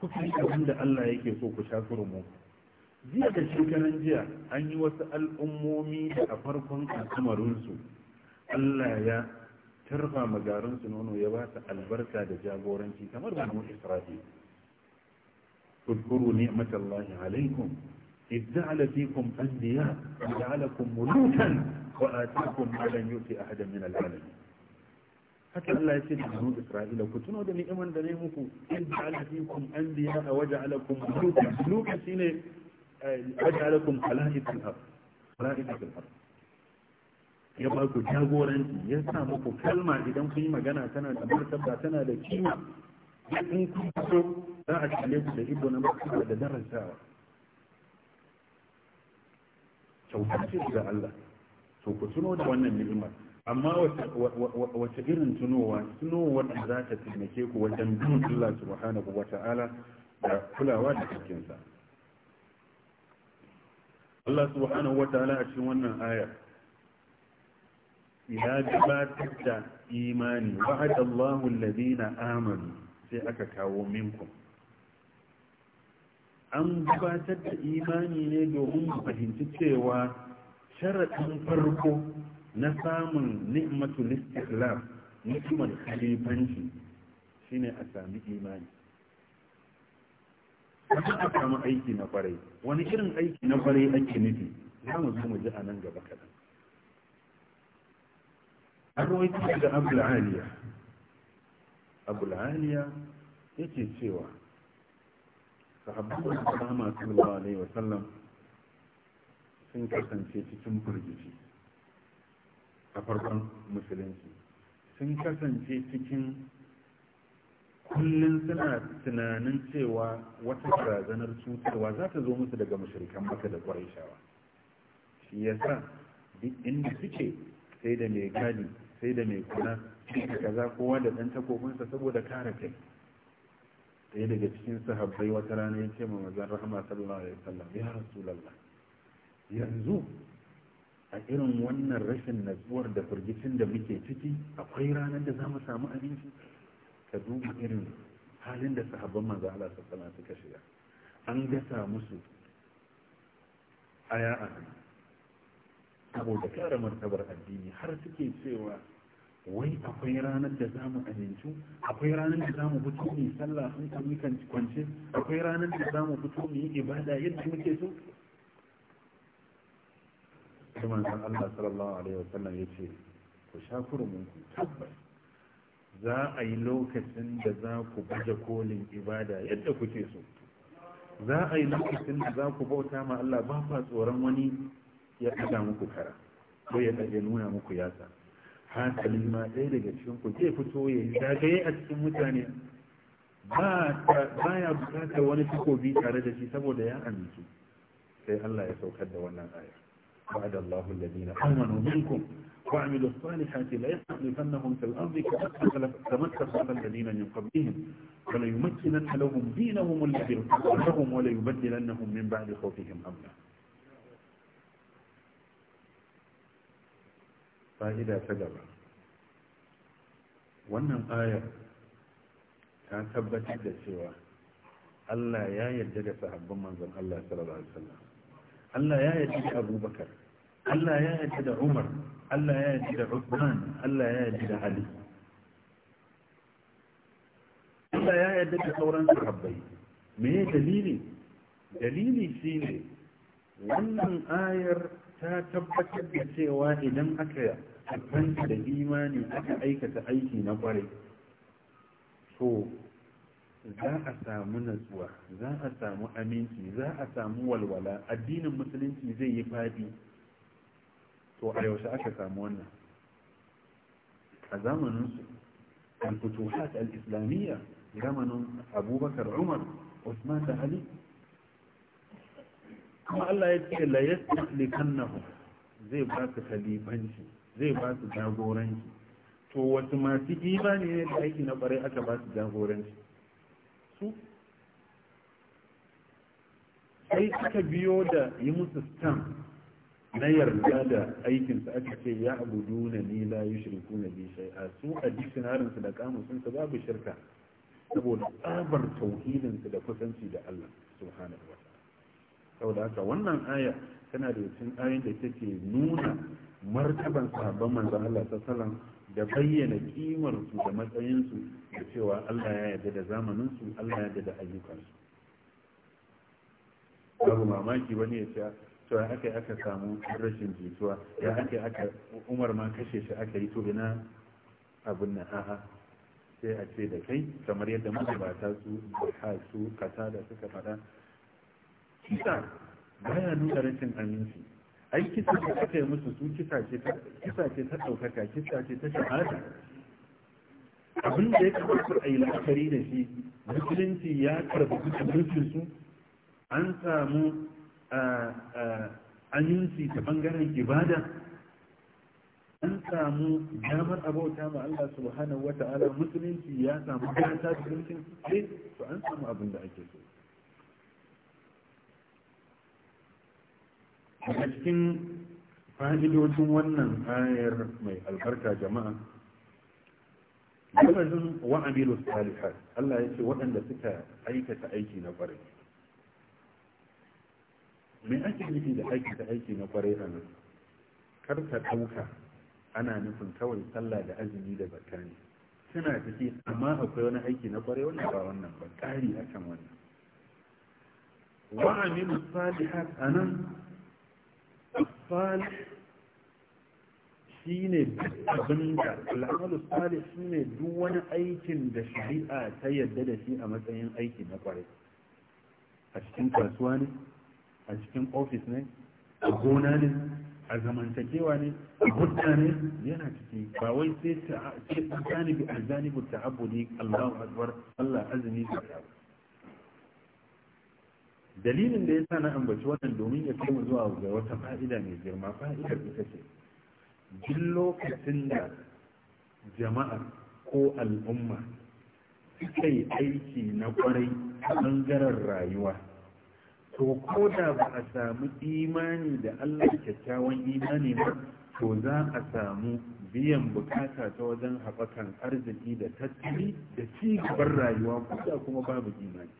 kuka yi abin da Allah yake so ku sha mu jiya da shekaran jiya an yi wasu al'ummomi a farkon al'amarinsu Allah ya tarfa magarinsu nono ya ba ta albarka da jagoranci kamar da mu Isra'il اذكروا نعمة الله عليكم إذ جعل فيكم أنبياء وجعلكم ملوكا وآتاكم ما لم يؤت أحدا من العالمين haka Allah ya ce da banu Isra'ila ku tuno da ni'iman da ne muku in ja'ala fikum anbiya wa ja'alakum muluka muluka shine eh, wa ja'alakum khala'iqal ard khala'iqal ard ya ba ku jagoranci ya sa muku kalma idan kun yi magana tana da martaba tana da kima in kun so za a kalle ku da ido na martaba da darasawa kyauta ce ga Allah to ku tuno da wannan ni'imar amma wace irin tunowa tunowar da za ta taimake ku wajen bin Allah subhanahu wa ta'ala da kulawa da cikinsa Allah subhanahu wa ta'ala a cikin wannan aya ya gabatar da imani wa'ada Allahu alladhina amanu sai aka kawo minkum an gabatar da imani ne domin fahimci cewa sharaɗin farko na samun ni'matul istiqlal ni'imar khalifanci shine a sami imani kuma a samu aiki na kwarai wani irin aiki na kwarai ake nufi za mu zo mu ji a nan gaba kaɗan an rawaito daga abul aliya abul aliya yake cewa sahabban da sallallahu alaihi sallam sun kasance cikin firgici. a farkon musulunci sun kasance cikin kullum suna tunanin cewa wata barazanar cutarwa za ta zo musu daga mashirikan maka da ƙwarishawa shi sa duk inda suke sai da mai gadi sai da mai kuna da kaza kowa da ɗan takobinsa saboda kare kai ɗaya daga cikin sahabbai wata rana ya ce ma mazan rahama sallallahu alaihi wasallam ya rasulallah yanzu a irin wannan rashin natsuwar da firgicin da muke ciki akwai ranar da za mu samu abinci ka duba irin halin da sahabban manzo Allah sallallahu suka shiga an gasa musu aya a saboda kare martabar addini har suke cewa wai akwai ranar da za mu amincu akwai ranar da za mu fito mu sallah sun kan kwance akwai ranar da za mu fito mu yi ibada yadda muke so sai manzon Allah sallallahu alaihi wasallam ya ce ku sha kurumin ku za a yi lokacin da za ku baje kolin ibada yadda kuke so za a yi lokacin da za ku bauta ma Allah ba fa tsoron wani ya ɗaga muku kara ko ya ɗaga nuna muku yatsa hankali ma ɗaya daga cikin ku zai fito ya yi zagaye a cikin mutane ba ya bukatar wani takobi tare da shi saboda ya amince sai Allah ya saukar da wannan ayar وعد الله الذين آمنوا منكم وعملوا الصالحات ليستخلفنهم في الأرض كما استخلف الذين من قبلهم وليمكنن لهم دينهم الذي ارتضى لهم وليبدلنهم من بعد خوفهم أمنا فإذا فجر wannan ayar ta tabbatar da cewa Allah ya yarda da sahabban manzon Allah sallallahu alaihi wasallam Allah ya yarda da Allah ya yarda da Umar Allah ya yarda da Uthman Allah ya yarda da Ali Allah ya yarda da sauran sahabbai me ne dalili dalili ne. wannan ayar ta tabbatar da cewa idan aka tabbanta da imani aka aikata aiki na kwarai to za a samu natsuwa za a samu aminci za a samu walwala addinin musulunci zai yi fadi to a yaushe aka samu wannan a zamaninsu al al-islamiyya zamanin abubakar umar usman da ali kuma Allah ya ce la yaslikannahu zai ba su zai ba su jagoranci to wasu masu imani ne da aiki na kwarai aka ba su jagoranci su sai aka biyo da yi musu stamp na yarda da aikinsa aka ce ya abu na ni la yushriku na bi a su a dictionarin su da kamusin babu shirka saboda tsabar tauhidin da kusanci da Allah subhanahu wa ta'ala saboda haka wannan aya tana da cikin ayoyin da take nuna martaban sahabban manzon Allah sallallahu alaihi da bayyana kimar su da matsayinsu da cewa Allah ya yarda da zamanin Allah ya da ayyukansu. babu mamaki wani ya ce to ya yi aka samu rashin jituwa ya aka aka umar ma kashe shi aka yi to ina abin nan a'a sai a ce da kai kamar yadda magabata su ha su kasa da suka faɗa kisa baya nuna rashin aminci ai kisa da aka yi musu su kisa ce ta ɗaukaka kisa ce ta shahada abin da ya kamata a yi la'akari da shi musulunci ya karɓi musulunci su an samu aminci ta bangaren ibada an samu damar abauta ma Allah subhanahu wa ta'ala musulunci ya samu gata da mulkin sai to an samu abin da ake so a cikin fa'idodin wannan ayar mai albarka jama'a lafazin wa'amilu salihat Allah ya ce waɗanda suka aikata aiki na ƙwarai me ake nufi da aikata aiki na kwarai a nan kar ka ɗauka ana nufin kawai sallah da azumi da zakka ne suna ciki amma akwai wani aiki na kwarai wanda ba wannan ba ƙari a kan wannan wa aminu a nan salih shine abin da al'amalu salih shine duk wani aikin da shari'a ta yadda da shi a matsayin aiki na kwarai a cikin kasuwa ne a cikin ofis ne a gona ne a zamantakewa ne a hudda ne yana ciki ba wai sai ta bi bi a zanibu ta ne, allahu azwar allah azumi ka dalilin da ya sa na ambaci wannan domin ya kai mu zuwa ga wata fa'ida mai girma fa'idar ita ce duk lokacin da jama'a ko al'umma suka yi aiki na kwarai a ɓangaren rayuwa to ko da ba a samu imani da Allah kyakkyawan imani ba to za a samu biyan bukata ta wajen haɓakan arziki da tattali da ci gaban rayuwa ko da kuma babu imani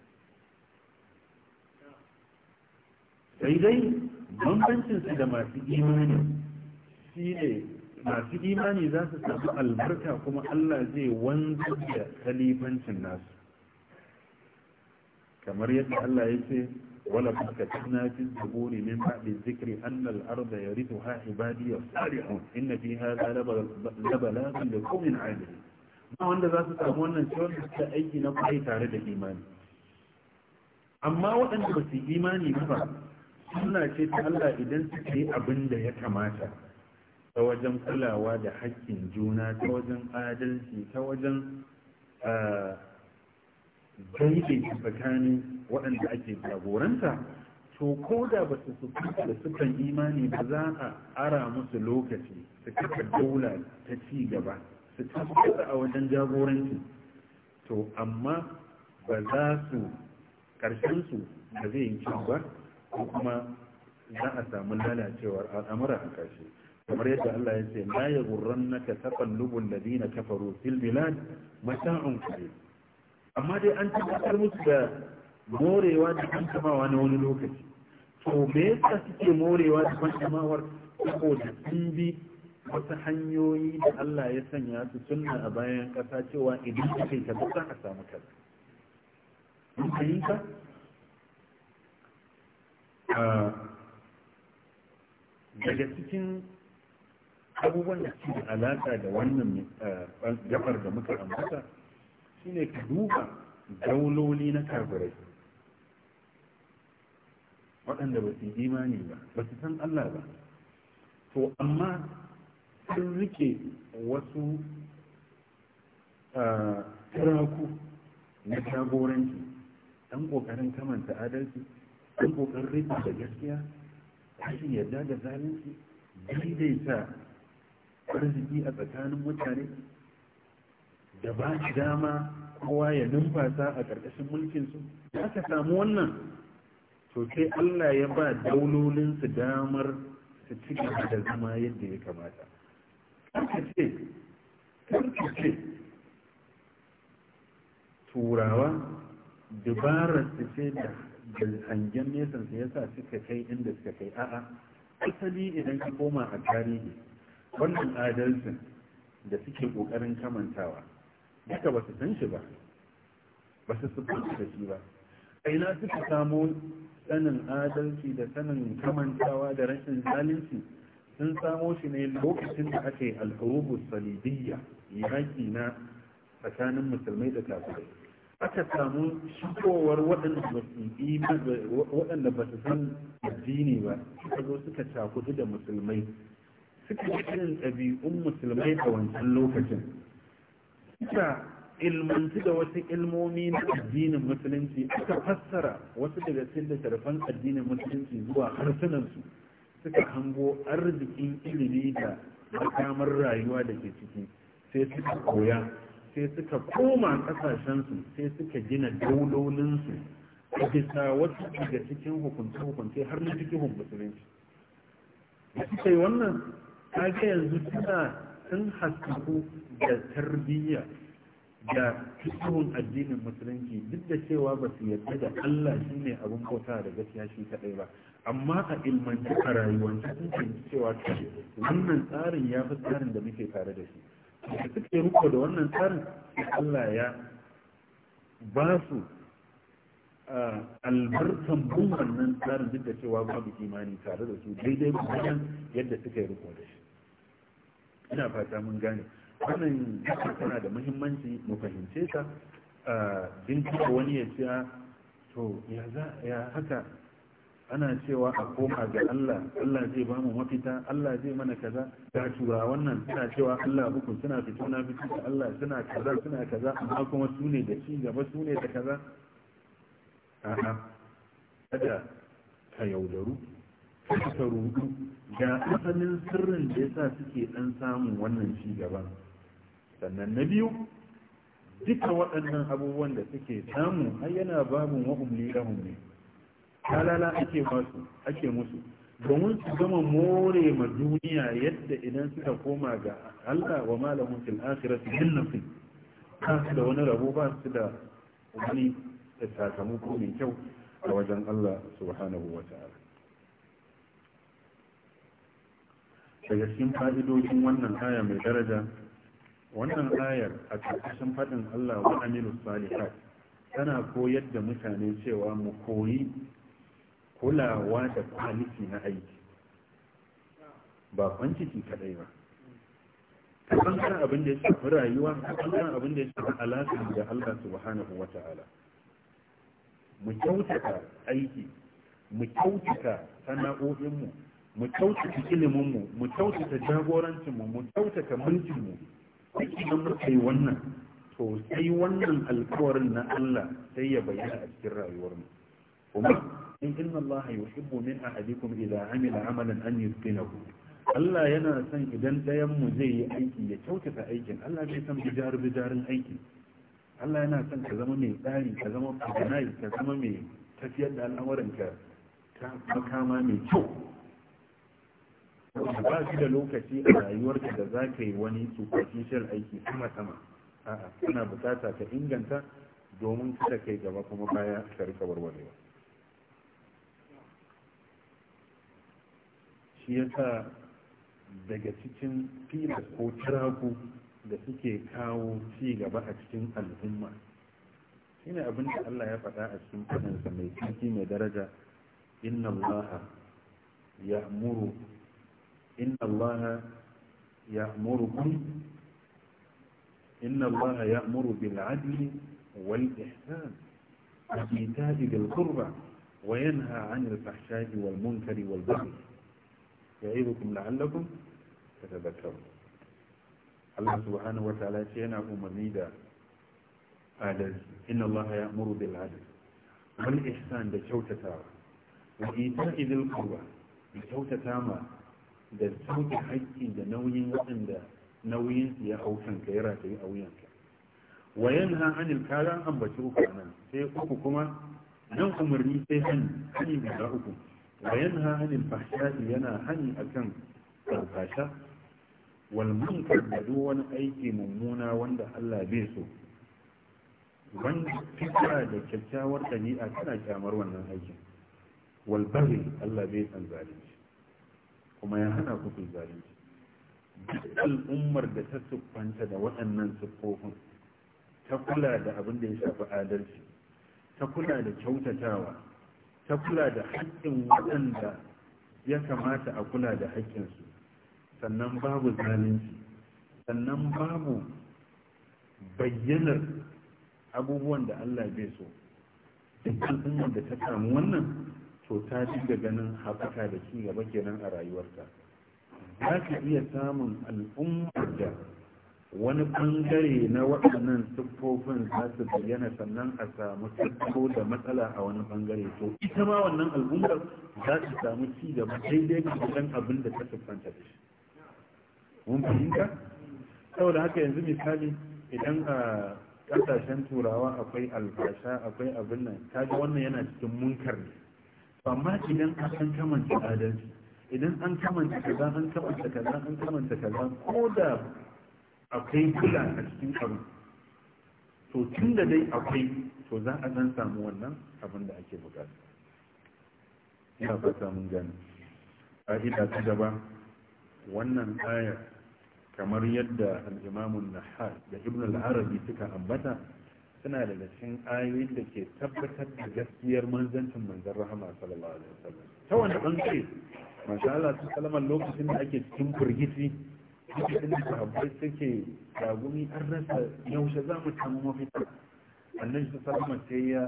sai dai bambancinsu da masu imani shi ne masu imani za su samu albarka kuma Allah zai wanzar da kalifancin nasu kamar yadda Allah ya ce wala katabna fi zaburi min ba'di dhikri anna al-ardha yarithuha ibadi as-salihun inna fi hadha labalagan li qawmin 'alimin ba wanda za su samu wannan ciwon da suka aiki na kwai tare da imani amma waɗanda ba su imani ba suna ce ta Allah idan suka yi abin da ya kamata ta wajen kulawa da haƙƙin juna ta wajen adalci ta wajen daidaita tsakanin waɗanda ake jagoranta to ko da ba su da sukan imani ba za a ara musu lokaci su kafa daula ta ci gaba su tabbata a wajen jagoranci to amma ba za su ƙarshensu da zai yi kyau ba ko kuma za a samu lalacewar al'amura a ƙarshe kamar yadda Allah ya ce la yaghurrannaka taqallubul ladina kafaru fil bilad mata'un amma dai an tabbatar musu da morewa da kankamawa na wani lokaci to me yasa suke morewa da kankamawar saboda sun bi wasu hanyoyi da Allah ya sanya su sunna a bayan ƙasa cewa idan aka yi tabbata a samu kaza mun fahimta daga cikin abubuwan da ke da alaƙa da wannan eh, jafar da muka ambata shine ka duba dauloli na kafirai waɗanda ba su yi imani ba ba su san Allah ba to amma sun rike wasu ah, turaku na jagoranci ɗan ƙoƙarin kamanta adalci ɗan ƙoƙarin rike da gaskiya rashin yarda da zalunci daidaita arziki a tsakanin mutane da ba shi dama kowa ya numfasa a ƙarƙashin mulkinsu da aka samu wannan to sai Allah ya ba daulolinsu damar su ci gaba da zama yadda ya kamata karka ce turawa dabarar su ce da hangen nesan su yasa suka kai inda suka kai a'a asali idan ka koma a tarihi wannan adalcin da suke ƙoƙarin kamantawa haka ba su san shi ba ba su sufanta da shi ba a ina suka samo sanin adalci da sanin kamantawa da rashin zalunci sun samo shi ne lokacin da aka yi alhurubu salibiyya yaƙi na tsakanin musulmai da kafirai aka samu shigowar waɗanda ba su san addini ba suka zo suka cakudu da musulmai suka yi irin ɗabi'un musulmai a wancan lokacin suka ilmanci da wasu ilmomi na addinin musulunci aka fassara wasu daga cikin littattafan addinin musulunci zuwa harsunansu suka hango arzikin ilimi da makamar rayuwa da ke ciki sai suka koya sai suka koma kasashensu sai suka gina daulolinsu a bisa wasu daga cikin hukunce-hukunce har na cikin musulunci da suka yi wannan kaga yanzu suna sun haskaku da tarbiyya da cikin addinin musulunci duk da cewa ba su yarda da Allah shi ne abin kota da gaskiya shi kaɗai ba amma a ilmanci a rayuwanci sun fahimci cewa wannan tsarin ya fi tsarin da muke tare da shi da suke ruko da wannan tsarin Allah ya ba su albarkan bin wannan tsarin duk da cewa babu imani tare da su daidai bayan yadda suka yi riko da shi ina fata mun gane wannan tana da muhimmanci mu fahimce ta din kuma wani ya ce to ya haka ana cewa a koma ga Allah Allah zai ba mu mafita Allah zai mana kaza ga tura wannan suna cewa Allah hukun suna fito na fito da Allah suna kaza suna kaza amma kuma su ne da ci gaba su ne da kaza a'a kada ka yaudaru suka rudu ga asalin sirrin da ya sa suke ɗan samun wannan ci gaban sannan na biyu duka waɗannan abubuwan da suke samu har yana babin wa'umli lahum ne kalala ake masu ake musu domin su gama more ma duniya yadda idan suka koma ga Allah wa malamin fil akhirati min nafsin da wani rabo ba su da wani sakamako mai kyau a wajen Allah subhanahu wa ta'ala daga cikin fa'idojin wannan aya mai daraja wannan ayar a ƙarƙashin faɗin Allah wa amilu salihat tana koyar da mutane cewa mu koyi kulawa da kwaliti na aiki ba kwanciki kaɗai ba ta san abin da ya shafi rayuwa ta san abin da ya shafi alaƙar da Allah subhanahu wa mu kyautata aiki mu kyautata sana'o'inmu mu kyautata iliminmu mu kyautata jagorancinmu mu kyautata mulkinmu duk idan muka yi wannan to sai wannan alkawarin na Allah sai ya bayyana a cikin rayuwarmu kuma in inna Allah yuhibbu min ahadikum idza amila amalan an yutqinahu Allah yana son idan dayan mu zai yi aiki ya kyautata aikin Allah zai san bijar bijarin aiki Allah yana son ka zama mai tsari ka zama organized ka zama mai tafiyar da al'amuranka ta makama mai kyau ba shi da lokaci a rayuwarka da za ka yi wani superficial aiki sama sama a'a kana bukata ta inganta domin kada kai gaba kuma baya ka rika warwarewa shi ya sa daga cikin filas ko tiraku da suke kawo ci gaba a cikin al'umma shi ne abin da Allah ya faɗa a cikin fadansa mai tsarki mai daraja inna allaha ya'muru إن الله يأمركم إن الله يأمر بالعدل والإحسان وإيتاء ذي القربى وينهى عن الفحشاء والمنكر والبغي يعظكم لعلكم تتذكرون الله سبحانه وتعالى شينا أمميدا عدل إن الله يأمر بالعدل والإحسان بشوتة وإيتاء ذي القربى بشوتة ما da sauke haƙƙi da nauyin waɗanda nauyin ya hau kanka ya rataye a wuyanka wa yanha anil kala an baci uku nan sai uku kuma nan umarni sai hani hani guda uku wa yanha anil yana hani akan farfasha? wal munkar da duk wani aiki mummuna wanda Allah bai so wanda fitra da kyakkyawar ɗabi'a tana kyamar wannan aikin wal bari Allah bai san zalunci kuma ya hana ku ku zalunci duk al'ummar da ta siffanta da waɗannan siffofin ta kula da abin da ya shafi adalci ta kula da kyautatawa ta kula da haƙƙin waɗanda ya kamata a kula da haƙƙinsu sannan babu zalunci sannan babu bayyanar abubuwan da Allah bai so duk al'ummar da ta samu wannan to ta dinga ganin haɓaka da ci gaba kenan a rayuwarta za ka iya samun al'ummar da wani bangare na waɗannan siffofin za su bayyana sannan a samu tattalo da matsala a wani bangare to ita ma wannan al'ummar za su samu ci gaba daidai ga wajen abin da ta siffanta da shi mun fahimta saboda haka yanzu misali idan a ƙasashen turawa akwai albasha akwai abin nan kaga wannan yana cikin munkar ne amma idan an kamanta adalci idan an kamanta kaza an kamanta kaza an kamanta kaza ko da akwai kula a cikin abu to tun da dai akwai to za a zan samu wannan abin da ake bukata ina fata mun gani ƙa'ida ta gaba wannan ayar kamar yadda al'imamun nahar da ibn al'arabi suka ambata suna daga cikin ayoyin da ke tabbatar da gaskiyar manzancin manzan rahama sallallahu alaihi wasallam ta wani bangare masha Allah lokacin da ake cikin firgici lokacin da sahabbai suke ragumi an rasa yaushe za mu samu mafita annabi su salama sai ya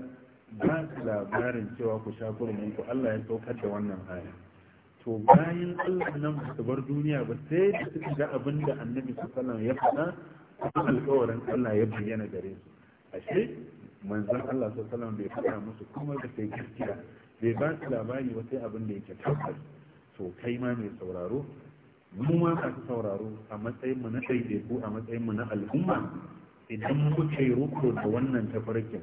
ba su labarin cewa ku sha kurmin ku Allah ya saukar da wannan aya to bayan Allah nan ba su bar duniya ba sai da suka ga abin da annabi su salama ya faɗa alkawarin Allah ya bayyana gare su ashe manzon Allah sallallahu alaihi wasallam bai faɗa musu kuma da sai gaskiya bai ba su labari ba sai abin da yake tabbas to kai ma mai sauraro mu ma masu sauraro a matsayin mu na ɗaiɗaiku a matsayin mu na al'umma idan muka yi ruko da wannan tafarkin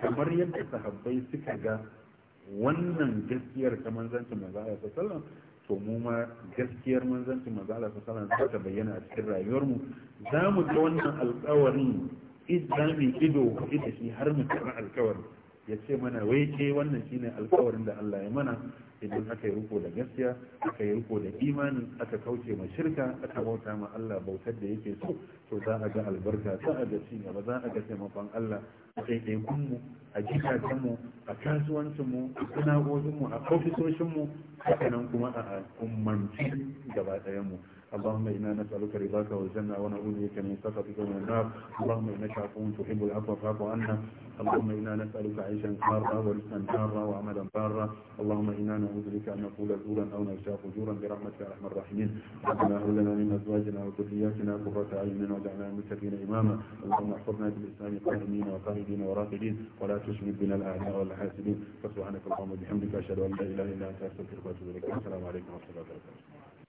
kamar yadda sahabbai suka ga wannan gaskiyar ta manzancin manzo Allah sallallahu to mu ma gaskiyar manzancin maza Allah sallallahu alaihi wasallam ta bayyana a cikin rayuwarmu za mu ga wannan alƙawarin izami ido da shi har mu karɓi alkawari ya ce mana wai ke wannan shine alkawarin da Allah ya mana idan aka yi riko da gaskiya aka yi riko da imani aka kauce ma shirka aka bauta ma Allah bautar da yake so to za a ga albarka za a ga ci gaba za a ga taimakon Allah a ɗaiɗaikun mu a gidajen mu a kasuwancin mu a sana'o'in mu a ofisoshin mu haka nan kuma a al'ummanci gaba ɗayan mu اللهم إنا نسألك رضاك والجنة ونعوذ بك من سخطك ومن النار اللهم إنك عفو تحب العفو فاعف عنا اللهم إنا نسألك عيشا حارا ورزقا حارا وعملا بارا اللهم إنا نعوذ بك أن نقول زورا أو نشاء فجورا برحمتك يا أرحم الراحمين ربنا هب لنا من أزواجنا وذرياتنا قرة أعين واجعلنا للمتقين إماما اللهم احفظنا بالإسلام قائمين وقائدين وراقدين ولا تشمل بنا الأعداء ولا الحاسدين فسبحانك اللهم وبحمدك أشهد أن لا إله إلا أنت أستغفرك وأتوب إليك السلام عليكم ورحمة الله وبركاته